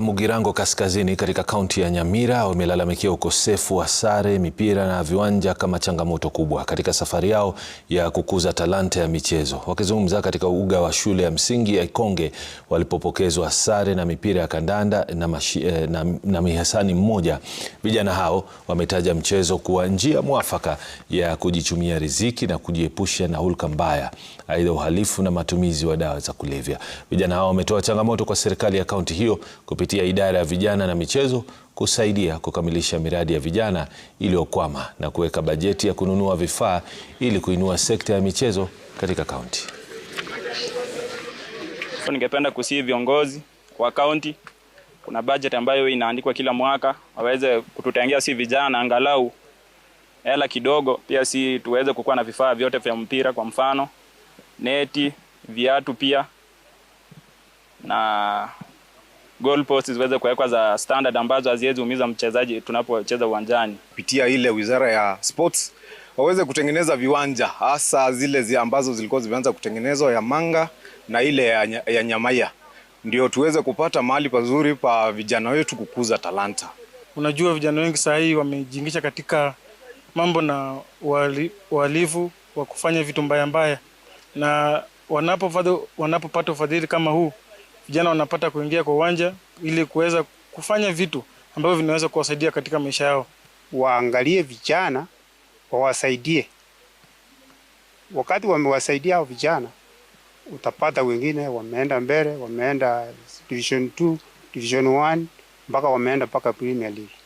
Mugirango Kaskazini katika kaunti ya Nyamira wamelalamikia ukosefu wa sare, mipira na viwanja kama changamoto kubwa katika safari yao ya kukuza talanta ya michezo. Wakizungumza katika uga wa shule ya msingi ya Ikonge walipopokezwa sare na mipira ya kandanda na, mashi, eh, na, na mihasani mmoja, vijana hao wametaja mchezo kuwa njia mwafaka ya kujichumia riziki na kujiepusha na hulka mbaya, aidha uhalifu na matumizi wa dawa za kulevya. Vijana hao wametoa changamoto kwa serikali ya kaunti hiyo kupitia kupitia idara ya vijana na michezo kusaidia kukamilisha miradi ya vijana iliyokwama na kuweka bajeti ya kununua vifaa ili kuinua sekta ya michezo katika kaunti. Ningependa kusihi viongozi wa kaunti, kuna bajeti ambayo inaandikwa kila mwaka, waweze kututengea si vijana angalau hela kidogo, pia si tuweze kukuwa na vifaa vyote vya mpira, kwa mfano neti, viatu pia na goal post ziweze kuwekwa za standard ambazo haziwezi umiza mchezaji tunapocheza uwanjani. Kupitia ile wizara ya sports waweze kutengeneza viwanja hasa zile zi ambazo zilikuwa zimeanza kutengenezwa ya Manga na ile ya, ya Nyamaya, ndio tuweze kupata mahali pazuri pa vijana wetu kukuza talanta. Unajua, vijana wengi saa hii wamejiingisha katika mambo na uhalifu wa kufanya vitu mbaya mbaya, na wanapopata ufadhili kama huu vijana wanapata kuingia kwa uwanja ili kuweza kufanya vitu ambavyo vinaweza kuwasaidia katika maisha yao. Waangalie vijana wawasaidie, wakati wamewasaidia hao vijana utapata wengine wameenda mbele, wameenda division 2, division 1 mpaka wameenda mpaka Premier League.